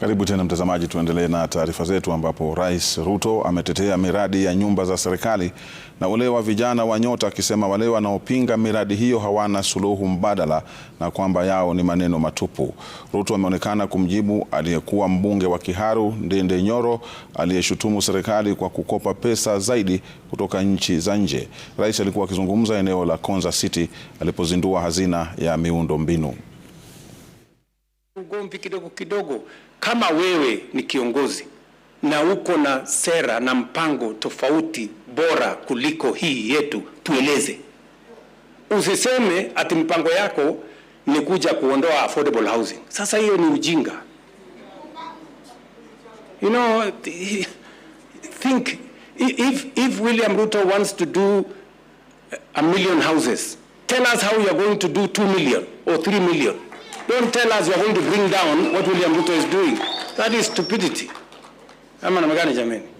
Karibu tena mtazamaji, tuendelee na taarifa zetu ambapo Rais Ruto ametetea miradi ya nyumba za serikali na ule wa vijana wa Nyota, akisema wale wanaopinga miradi hiyo hawana suluhu mbadala na kwamba yao ni maneno matupu. Ruto ameonekana kumjibu aliyekuwa mbunge wa Kiharu ndende Nyoro aliyeshutumu serikali kwa kukopa pesa zaidi kutoka nchi za nje. Rais alikuwa akizungumza eneo la Konza City alipozindua hazina ya miundo mbinu ugomvi kidogo kidogo. Kama wewe ni kiongozi na uko na sera na mpango tofauti bora kuliko hii yetu, tueleze. Usiseme ati mpango yako ni kuja kuondoa affordable housing. Sasa hiyo ni ujinga. You know, think if if William Ruto wants to do a million houses, tell us how you are going to do 2 million or 3 million. Don't tell us you are going to bring down what William Ruto is doing. That is stupidity. Ama gani jameni.